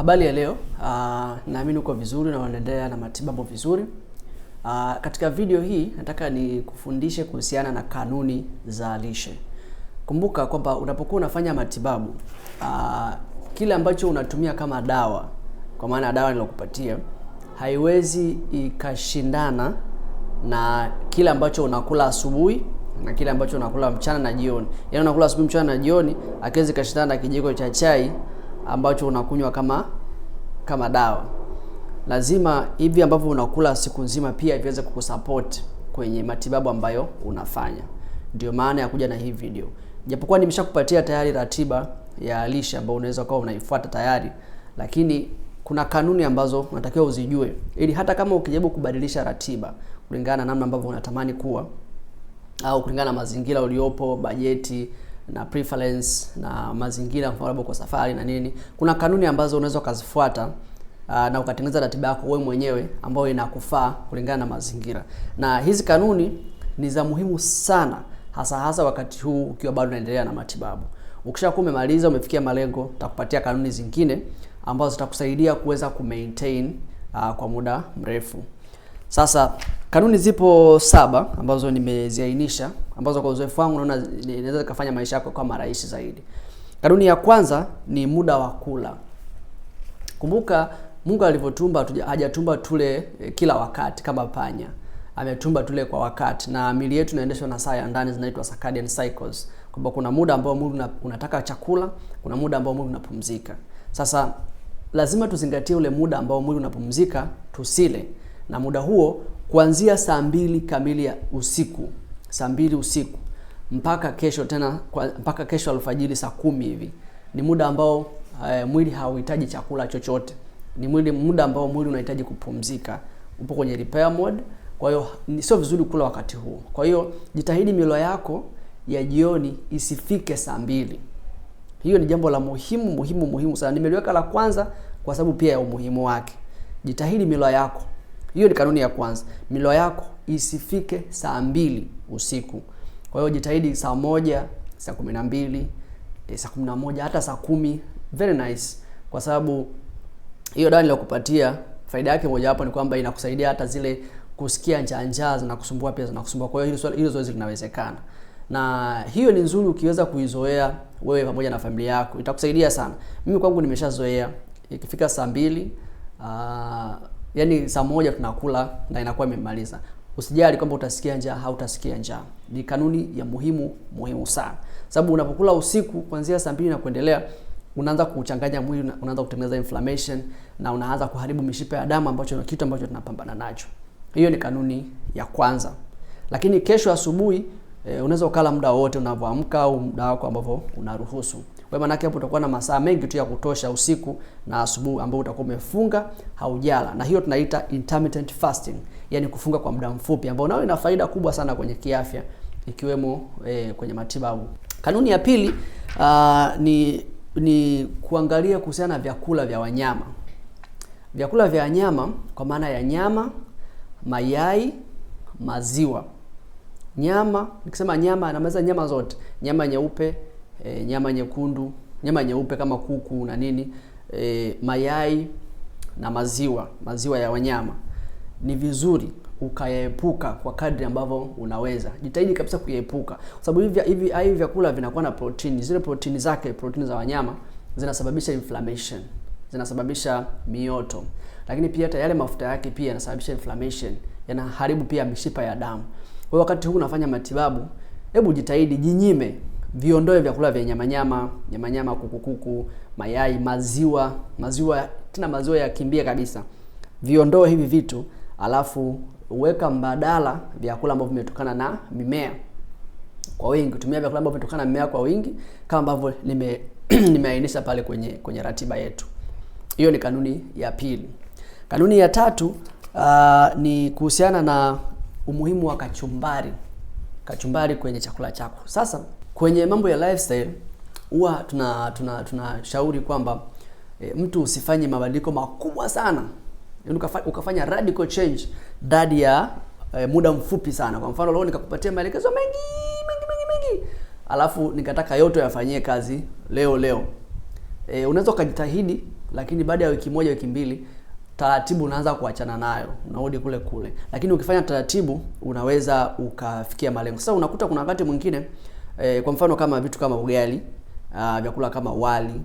Habari ya leo, ah, naamini uko vizuri na unaendelea na matibabu vizuri. Aa, ah, katika video hii nataka nikufundishe kuhusiana na kanuni za lishe. Kumbuka kwamba unapokuwa unafanya matibabu, aa, ah, kile ambacho unatumia kama dawa, kwa maana ya dawa nilokupatia haiwezi ikashindana na kile ambacho unakula asubuhi na kile ambacho unakula mchana na jioni. Yaani unakula asubuhi, mchana na jioni, akiwezi kashindana na kijiko cha chai ambacho unakunywa kama kama dawa. Lazima hivi ambavyo unakula siku nzima pia viweze kukusupport kwenye matibabu ambayo unafanya. Ndio maana ya kuja na hii video, japokuwa nimeshakupatia tayari ratiba ya lishe ambayo unaweza kuwa unaifuata tayari, lakini kuna kanuni ambazo unatakiwa uzijue, ili hata kama ukijaribu kubadilisha ratiba kulingana na namna ambavyo unatamani kuwa au kulingana na mazingira uliopo, bajeti na preference na mazingira, mfano labda kwa safari na nini. Kuna kanuni ambazo unaweza ukazifuata ah, na ukatengeneza ratiba yako wewe mwenyewe ambayo inakufaa kulingana na mazingira. Na hizi kanuni ni za muhimu sana, hasa hasa wakati huu ukiwa bado unaendelea na matibabu. Ukishakuwa umemaliza umefikia malengo, takupatia kanuni zingine ambazo zitakusaidia kuweza kumaintain uh, ah, kwa muda mrefu. Sasa kanuni zipo saba ambazo nimeziainisha ambazo kwa uzoefu wangu naona inaweza kufanya maisha yako kwa rahisi zaidi. Kanuni ya kwanza ni muda wa kula. Kumbuka Mungu alivyotumba hajatumba tule e, kila wakati kama panya. Ametumba tule kwa wakati na mili yetu inaendeshwa na saa ya ndani zinaitwa circadian cycles. Kwamba kuna muda ambao mwili unataka chakula, kuna muda ambao mwili unapumzika. Sasa lazima tuzingatie ule muda ambao mwili unapumzika tusile na muda huo kuanzia saa mbili kamili ya usiku, saa mbili usiku mpaka kesho tena kwa, mpaka kesho alfajiri saa kumi hivi ni muda ambao e, mwili hauhitaji chakula chochote. Ni mwili muda ambao mwili unahitaji kupumzika, upo kwenye repair mode. Kwa hiyo sio vizuri kula wakati huo. Kwa hiyo jitahidi milo yako ya jioni isifike saa mbili. Hiyo ni jambo la muhimu muhimu muhimu sana, nimeliweka la kwanza kwa sababu pia ya umuhimu wake. Jitahidi milo yako hiyo ni kanuni ya kwanza. Milo yako isifike saa mbili usiku. Kwa hiyo jitahidi saa moja, saa kumi na mbili, eh, saa kumi na moja hata saa kumi. Very nice, kwa sababu hiyo dawa niliyokupatia faida yake moja hapo ni kwamba inakusaidia hata zile kusikia njaa njaa zinakusumbua pia zinakusumbua. Kwa hiyo hilo hilo zoezi linawezekana, na hiyo ni nzuri ukiweza kuizoea wewe pamoja na familia yako, itakusaidia sana. Mimi kwangu nimeshazoea ikifika saa mbili uh, yani saa moja tunakula na inakuwa imemaliza. Usijali kwamba utasikia njaa, hautasikia njaa. Ni kanuni ya muhimu muhimu sana, sababu unapokula usiku kuanzia saa mbili na kuendelea unaanza kuchanganya mwili, unaanza kutengeneza inflammation na unaanza kuharibu mishipa ya damu, ambacho ni kitu ambacho tunapambana nacho. Hiyo ni kanuni ya kwanza. Lakini kesho asubuhi e, unaweza ukala muda wote unavyoamka au muda wako ambavyo unaruhusu. Kwa maana yake hapo utakuwa na masaa mengi tu ya kutosha usiku na asubuhi ambao utakuwa umefunga haujala, na hiyo tunaita intermittent fasting, yani kufunga kwa muda mfupi, ambao nao ina faida kubwa sana kwenye kiafya ikiwemo eh, kwenye matibabu. Kanuni ya pili uh, ni ni kuangalia kuhusiana na vyakula vya wanyama. Vyakula vya wanyama kwa maana ya nyama, mayai, maziwa. Nyama, nikisema nyama namaanisha nyama zote, nyama nyeupe e, nyama nyekundu, nyama nyeupe kama kuku na nini e, mayai na maziwa, maziwa ya wanyama ni vizuri ukayaepuka kwa kadri ambavyo unaweza. Jitahidi kabisa kuyaepuka, kwa sababu hivi hivi hivi vyakula vinakuwa na protini. Zile protini zake, protini za wanyama zinasababisha inflammation, zinasababisha mioto, lakini pia hata yale mafuta yake pia yanasababisha inflammation, yanaharibu pia mishipa ya damu. Kwa wakati huu unafanya matibabu, hebu jitahidi, jinyime viondoe vyakula vya nyamanyama nyamanyama, kukukuku, mayai, maziwa maziwa tena maziwa yakimbie kabisa, viondoe hivi vitu, alafu weka mbadala vyakula ambavyo vimetokana na mimea kwa wingi. Tumia vyakula ambavyo vimetokana na mimea kwa wingi kama ambavyo nime nimeainisha pale kwenye kwenye ratiba yetu. Hiyo ni kanuni ya pili. Kanuni ya tatu uh, ni kuhusiana na umuhimu wa kachumbari, kachumbari kwenye chakula chako sasa Kwenye mambo ya lifestyle huwa tuna tuna tunashauri kwamba e, mtu usifanye mabadiliko makubwa sana, yaani ukafanya radical change ndani ya e, muda mfupi sana. Kwa mfano leo nikakupatia maelekezo mengi mengi mengi mengi, alafu nikataka yote yafanyie kazi leo leo. E, unaweza ukajitahidi, lakini baada ya wiki moja wiki mbili taratibu unaanza kuachana nayo, unarudi kule kule, lakini ukifanya taratibu unaweza ukafikia malengo. Sasa unakuta kuna wakati mwingine e, kwa mfano kama vitu kama ugali uh, vyakula kama wali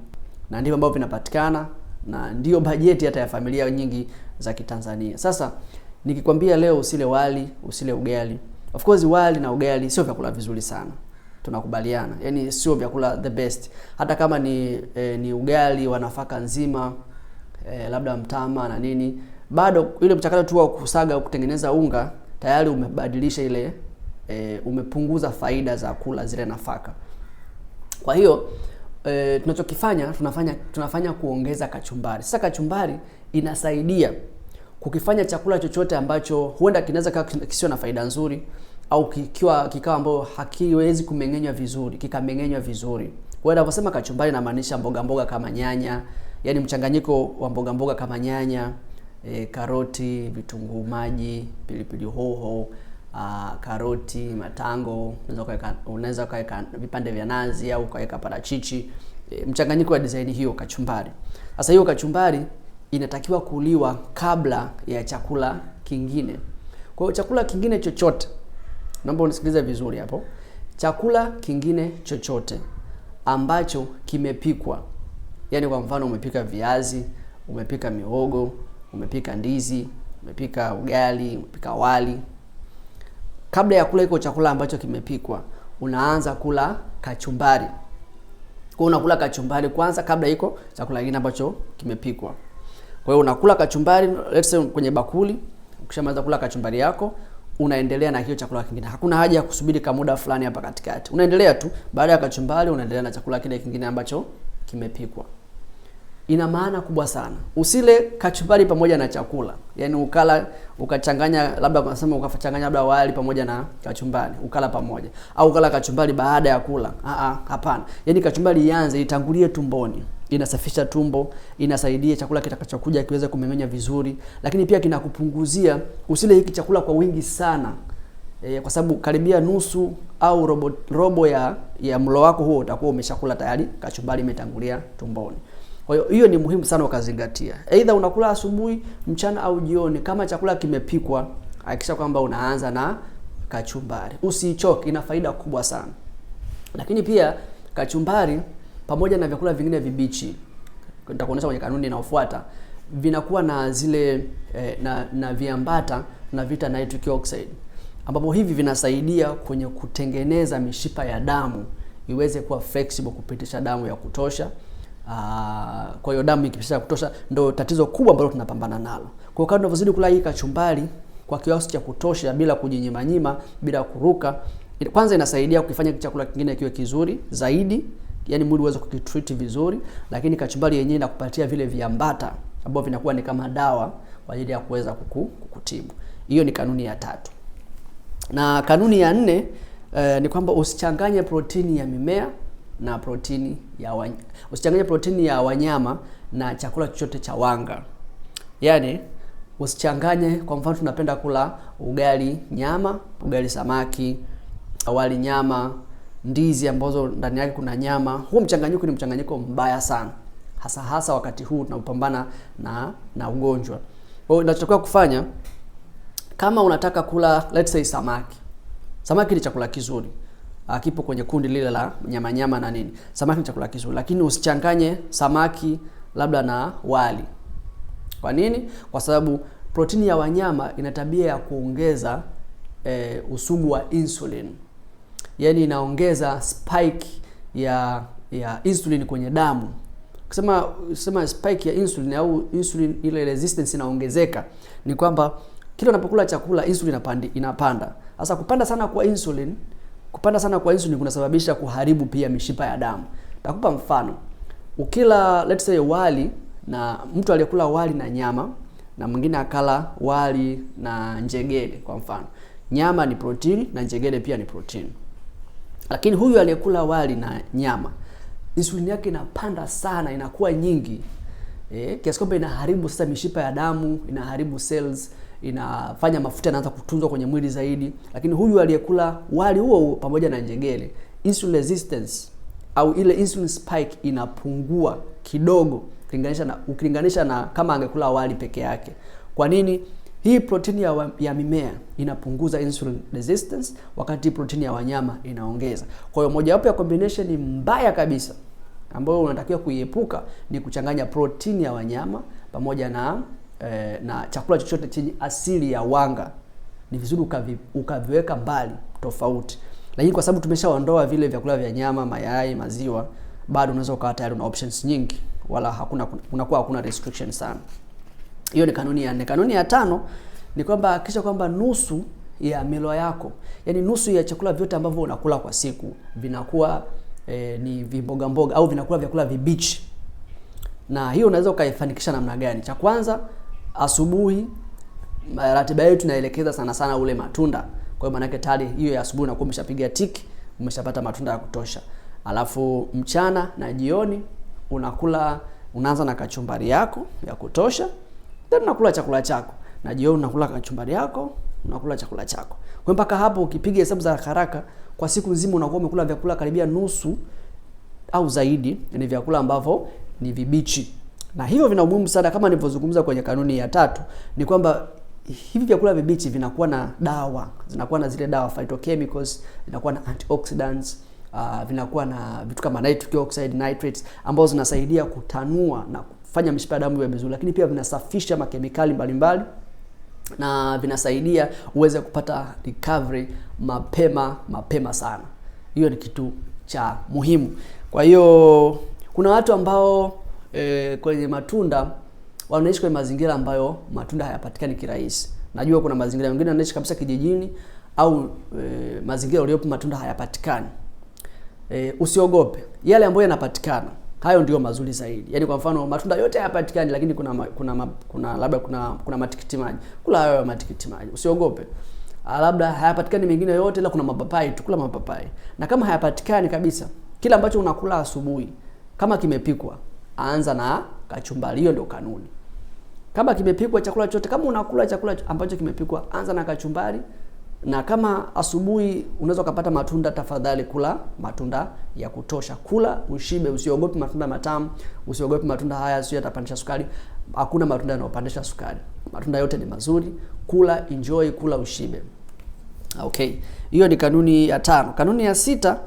na ndivyo ambavyo vinapatikana na ndiyo bajeti hata ya familia nyingi za Kitanzania. Sasa nikikwambia leo usile wali, usile ugali. Of course wali na ugali sio vyakula vizuri sana. Tunakubaliana. Yaani sio vyakula the best. Hata kama ni eh, ni ugali wa nafaka nzima eh, labda mtama na nini, bado ile mchakato tu wa kusaga kutengeneza unga tayari umebadilisha ile e, umepunguza faida za kula zile nafaka. Kwa hiyo e, tunachokifanya tunafanya, tunafanya kuongeza kachumbari. Sasa kachumbari inasaidia kukifanya chakula chochote ambacho huenda kinaweza kisiwe na faida nzuri au kikiwa kikawa ambayo hakiwezi kumeng'enywa vizuri kikameng'enywa vizuri. Kwa hiyo naposema kachumbari inamaanisha mboga mboga kama nyanya, yani mchanganyiko wa mboga mboga kama nyanya, e, karoti, vitunguu maji, pilipili hoho uh, karoti, matango, unaweza kaweka unaweza kaweka vipande vya nazi au kaweka parachichi e, mchanganyiko wa design hiyo, kachumbari. Sasa hiyo kachumbari inatakiwa kuliwa kabla ya chakula kingine. Kwa hiyo chakula kingine chochote, naomba unisikilize vizuri hapo, chakula kingine chochote ambacho kimepikwa, yaani kwa mfano umepika viazi, umepika mihogo, umepika ndizi, umepika ugali, umepika wali kabla ya kula hiko chakula ambacho kimepikwa, unaanza kula kachumbari. Kwa unakula kachumbari kwanza kabla hiko chakula kingine ambacho kimepikwa. Kwa hiyo unakula kachumbari, let's say kwenye bakuli, ukishamaliza kula kachumbari yako, unaendelea na hiyo chakula kingine. Hakuna haja ya kusubiri kama muda fulani hapa katikati. Unaendelea tu baada ya kachumbari unaendelea na chakula kile kingine ambacho kimepikwa ina maana kubwa sana. Usile kachumbari pamoja na chakula, yaani ukala ukachanganya, labda unasema ukachanganya labda wali pamoja na kachumbari, ukala pamoja, au ukala kachumbari baada ya kula. Aa, hapana. Yaani kachumbari ianze, itangulie tumboni, inasafisha tumbo, inasaidia chakula kitakachokuja kiweze kumeng'enya vizuri, lakini pia kinakupunguzia usile hiki chakula kwa wingi sana e, kwa sababu karibia nusu au robo, robo ya, ya mlo wako huo utakuwa umeshakula tayari, kachumbari imetangulia tumboni. Kwa hiyo hiyo ni muhimu sana ukazingatia. Aidha unakula asubuhi, mchana au jioni kama chakula kimepikwa, hakikisha kwamba unaanza na kachumbari. Usichoke, ina faida kubwa sana. Lakini pia kachumbari pamoja na vyakula vingine vibichi, nitakuonesha kwenye kanuni inayofuata, vinakuwa na zile eh, na, na viambata na vita nitric oxide ambapo hivi vinasaidia kwenye kutengeneza mishipa ya damu iweze kuwa flexible kupitisha damu ya kutosha Ah, kwa hiyo damu ikipisha kutosha ndo tatizo kubwa ambalo tunapambana nalo. Kwa hiyo kama tunavyozidi kula hii kachumbari kwa kiasi cha kutosha, bila kujinyimanyima, bila kuruka, kwanza inasaidia kukifanya chakula kingine kiwe kizuri zaidi, yani mwili uweze kukitreat vizuri, lakini kachumbari yenyewe inakupatia vile viambata ambavyo vinakuwa ni kama dawa kwa ajili ya kuweza kuku, kukutibu. Hiyo ni kanuni ya tatu, na kanuni ya nne eh, ni kwamba usichanganye protini ya mimea na protini ya wanyama. Usichanganye protini ya wanyama na chakula chochote cha wanga, yaani usichanganye. Kwa mfano, tunapenda kula ugali nyama, ugali samaki, wali nyama, ndizi ambazo ndani yake kuna nyama. Huu mchanganyiko ni mchanganyiko mbaya sana, hasa hasa wakati huu tunapambana na na ugonjwa. Kwa hiyo unachotakiwa kufanya kama unataka kula let's say samaki, samaki ni chakula kizuri uh, kipo kwenye kundi lile la nyama nyama na nini. Samaki ni chakula kizuri, lakini usichanganye samaki labda na wali. Kwa nini? Kwa sababu protini ya wanyama ina tabia ya kuongeza eh, usumu wa insulin, yaani inaongeza spike ya ya insulin kwenye damu. Kusema sema spike ya insulin au insulin ile resistance inaongezeka, ni kwamba kila unapokula chakula insulin inapanda. Sasa kupanda sana kwa insulin Kupanda sana kwa insulin kunasababisha kuharibu pia mishipa ya damu. Takupa mfano. Ukila let's say wali na mtu aliyekula wali na nyama na mwingine akala wali na njegele kwa mfano. Nyama ni protini na njegele pia ni protini. Lakini huyu aliyekula wali na nyama insulin yake inapanda sana, inakuwa nyingi. Eh, kiasi kwamba inaharibu sasa mishipa ya damu, inaharibu cells inafanya mafuta yanaanza kutunzwa kwenye mwili zaidi. Lakini huyu aliyekula wali huo pamoja na njegele, insulin resistance au ile insulin spike inapungua kidogo ukilinganisha na, ukilinganisha na kama angekula wali peke yake. Kwa nini? Hii protini ya, ya mimea inapunguza insulin resistance, wakati protini ya wanyama inaongeza. Kwa hiyo mojawapo ya combination mbaya kabisa ambayo unatakiwa kuiepuka ni kuchanganya protini ya wanyama pamoja na eh, na chakula chochote chenye asili ya wanga ni vizuri ukavi, ukaviweka mbali tofauti, lakini kwa sababu tumeshaondoa vile vyakula vya nyama, mayai, maziwa, bado unaweza ukawa tayari una options nyingi, wala hakuna unakuwa hakuna restriction sana. Hiyo ni kanuni ya nne. Kanuni ya tano ni kwamba hakikisha kwamba nusu ya milo yako, yani nusu ya chakula vyote ambavyo unakula kwa siku vinakuwa eh, ni vimboga mboga au vinakula vyakula vibichi. Na hiyo unaweza ukaifanikisha namna gani? Cha kwanza asubuhi eh, ratiba yetu tunaelekeza sana sana ule matunda. Kwa hiyo maanake tayari hiyo ya asubuhi unakuwa umeshapiga tiki, umeshapata matunda ya kutosha. Alafu mchana na jioni unakula unaanza na kachumbari yako ya kutosha, then unakula chakula chako na jioni unakula kachumbari yako, unakula chakula chako. Kwa mpaka hapo ukipiga hesabu za haraka kwa siku nzima unakuwa umekula vyakula karibia nusu au zaidi, ni vyakula ambavyo ni vibichi na hivyo vina umuhimu sana, kama nilivyozungumza kwenye kanuni ya tatu, ni kwamba hivi vyakula vibichi vinakuwa na dawa, zinakuwa na zile dawa phytochemicals, vinakuwa na antioxidants uh, vinakuwa na vitu kama nitric oxide, nitrates ambazo zinasaidia kutanua na kufanya mishipa ya damu iwe vizuri, lakini pia vinasafisha makemikali mbalimbali na vinasaidia uweze kupata recovery mapema mapema sana. Hiyo ni kitu cha muhimu. Kwa hiyo kuna watu ambao e, kwenye matunda wanaishi kwenye mazingira ambayo matunda hayapatikani kirahisi. Najua kuna mazingira mengine wanaishi kabisa kijijini au e, mazingira uliopo matunda hayapatikani. E, usiogope yale ambayo yanapatikana, hayo ndiyo mazuri zaidi. Yaani kwa mfano matunda yote hayapatikani, lakini kuna kuna kuna labda kuna kuna matikiti maji, kula hayo matikiti maji, usiogope. Labda hayapatikani mengine yote, ila kuna mapapai tukula mapapai. Na kama hayapatikani kabisa, kila ambacho unakula asubuhi kama kimepikwa anza na kachumbari. Hiyo ndio kanuni. Kama kimepikwa chakula chote, kama unakula chakula ambacho kimepikwa, anza na kachumbari, na kama asubuhi unaweza ukapata matunda, tafadhali kula matunda ya kutosha. Kula ushibe, usiogope matunda matamu, usiogope matunda haya, sio yatapandisha sukari. Hakuna matunda yanayopandisha sukari, matunda yote ni mazuri. Kula, enjoy, kula ushibe. Okay, hiyo ni kanuni ya tano. Kanuni ya sita,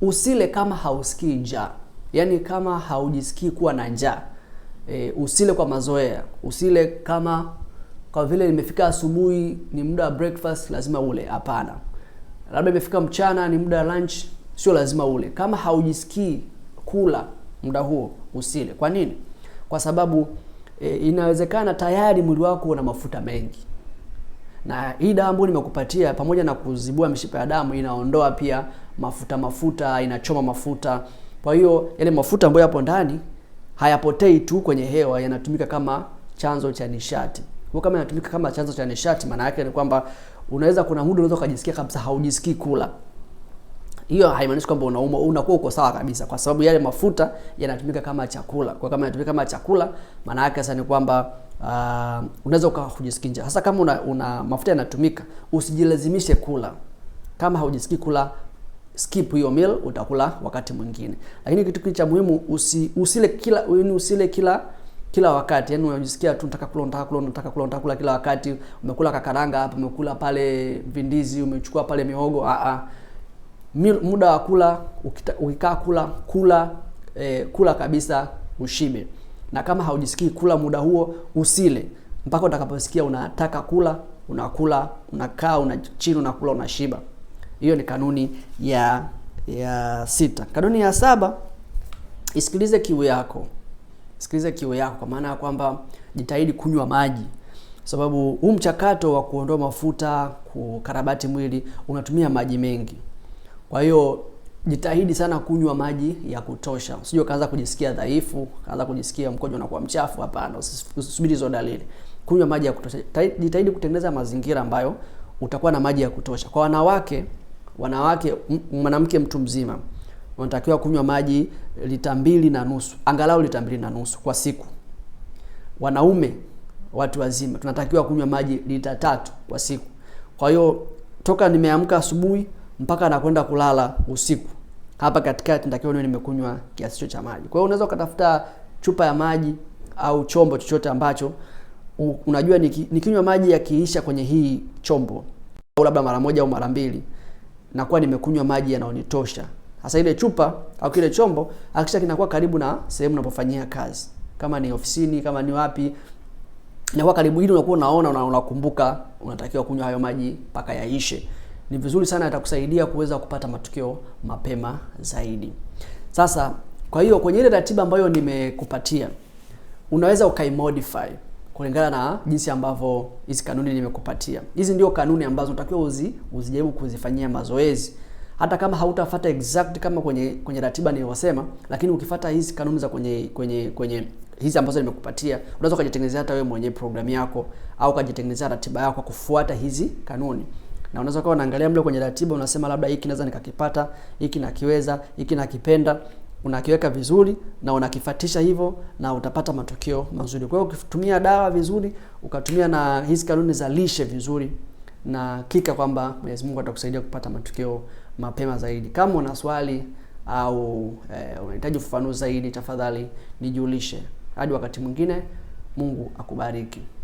usile kama hausikii njaa. Yaani kama haujisikii kuwa na njaa e, usile kwa mazoea, usile kama kwa vile nimefika asubuhi ni muda wa breakfast lazima ule. Hapana, labda imefika mchana ni muda wa lunch, sio lazima ule. Kama haujisikii kula muda huo usile. Kwa nini? Kwa sababu e, inawezekana tayari mwili wako una mafuta mengi na hii damu nimekupatia pamoja na kuzibua mishipa ya damu inaondoa pia mafuta mafuta, inachoma mafuta. Kwa hiyo yale mafuta ambayo yapo ndani hayapotei tu kwenye hewa, yanatumika kama chanzo cha nishati. Kwa kama yanatumika kama chanzo cha nishati, maana yake ni kwamba unaweza, kuna muda unaweza kujisikia kabisa haujisikii kula. Hiyo haimaanishi kwamba unauma, unakuwa uko sawa kabisa, kwa sababu yale mafuta yanatumika kama chakula. Kwa kama yanatumika kama chakula, maana yake sasa ni kwamba uh, unaweza ukajisikii njaa. Sasa kama una, una mafuta yanatumika, usijilazimishe kula kama haujisikii kula skip hiyo meal, utakula wakati mwingine. Lakini kitu cha muhimu usi, usile kila yani usile kila kila wakati, yaani unajisikia tu nataka kula nataka kula nataka kula nataka kula kila wakati. Umekula kakaranga hapo, umekula pale vindizi, umechukua pale mihogo. A ah, a ah. muda wa kula, ukikaa kula kula eh, kula kabisa ushibe, na kama haujisikii kula muda huo usile mpaka utakaposikia unataka kula, unakula, unakaa, unachini, unakula, unashiba. Hiyo ni kanuni ya ya sita. Kanuni ya saba, isikilize kiu yako, isikilize kiu yako, kwa maana ya kwamba jitahidi kunywa maji sababu huu mchakato wa kuondoa mafuta, kukarabati mwili unatumia maji mengi. Kwa hiyo jitahidi sana kunywa maji ya kutosha, usije ukaanza kujisikia dhaifu, kaanza kujisikia mkojo unakuwa mchafu. Hapana, usisubiri hizo dalili, kunywa maji ya kutosha. Jitahidi kutengeneza mazingira ambayo utakuwa na maji ya kutosha. Kwa wanawake wanawake, mwanamke mtu mzima wanatakiwa kunywa maji lita mbili na nusu angalau lita mbili na nusu kwa siku. Wanaume watu wazima tunatakiwa kunywa maji lita tatu kwa siku. Kwa hiyo toka nimeamka asubuhi mpaka nakwenda kulala usiku, hapa katikati natakiwa niwe nimekunywa kiasi cha maji. Kwa hiyo unaweza ukatafuta chupa ya maji au chombo chochote ambacho unajua nikinywa maji yakiisha kwenye hii chombo, au labda mara moja au mara mbili nakuwa nimekunywa maji yanayonitosha. Sasa ile chupa au kile chombo hakisha kinakuwa karibu na sehemu unapofanyia kazi, kama ni ofisini, kama ni wapi, inakuwa karibu, ili unakuwa unaona, unakumbuka unatakiwa kunywa hayo maji mpaka yaishe. Ni vizuri sana, yatakusaidia kuweza kupata matukio mapema zaidi. Sasa kwa hiyo kwenye ile ratiba ambayo nimekupatia unaweza ukaimodify kulingana na jinsi ambavyo hizi kanuni nimekupatia. Hizi ndio kanuni ambazo unatakiwa uzi, uzijaribu kuzifanyia mazoezi hata kama hautafuata exact kama kwenye kwenye ratiba niliyosema, lakini ukifata hizi kanuni za kwenye kwenye kwenye hizi ambazo nimekupatia, unaweza ukajitengenezea hata wewe mwenyewe programu yako au ukajitengenezea ratiba yako kufuata hizi kanuni. Na unaweza ukawa unaangalia mle kwenye ratiba, unasema labda hiki naweza nikakipata, hiki nakiweza, hiki nakipenda unakiweka vizuri na unakifatisha hivyo na utapata matokeo mazuri. Kwa hiyo ukitumia dawa vizuri, ukatumia na hizi kanuni za lishe vizuri, na kika kwamba Mwenyezi Mungu atakusaidia kupata matokeo mapema zaidi. Kama una swali au e, unahitaji ufafanuzi zaidi, tafadhali nijulishe. Hadi wakati mwingine, Mungu akubariki.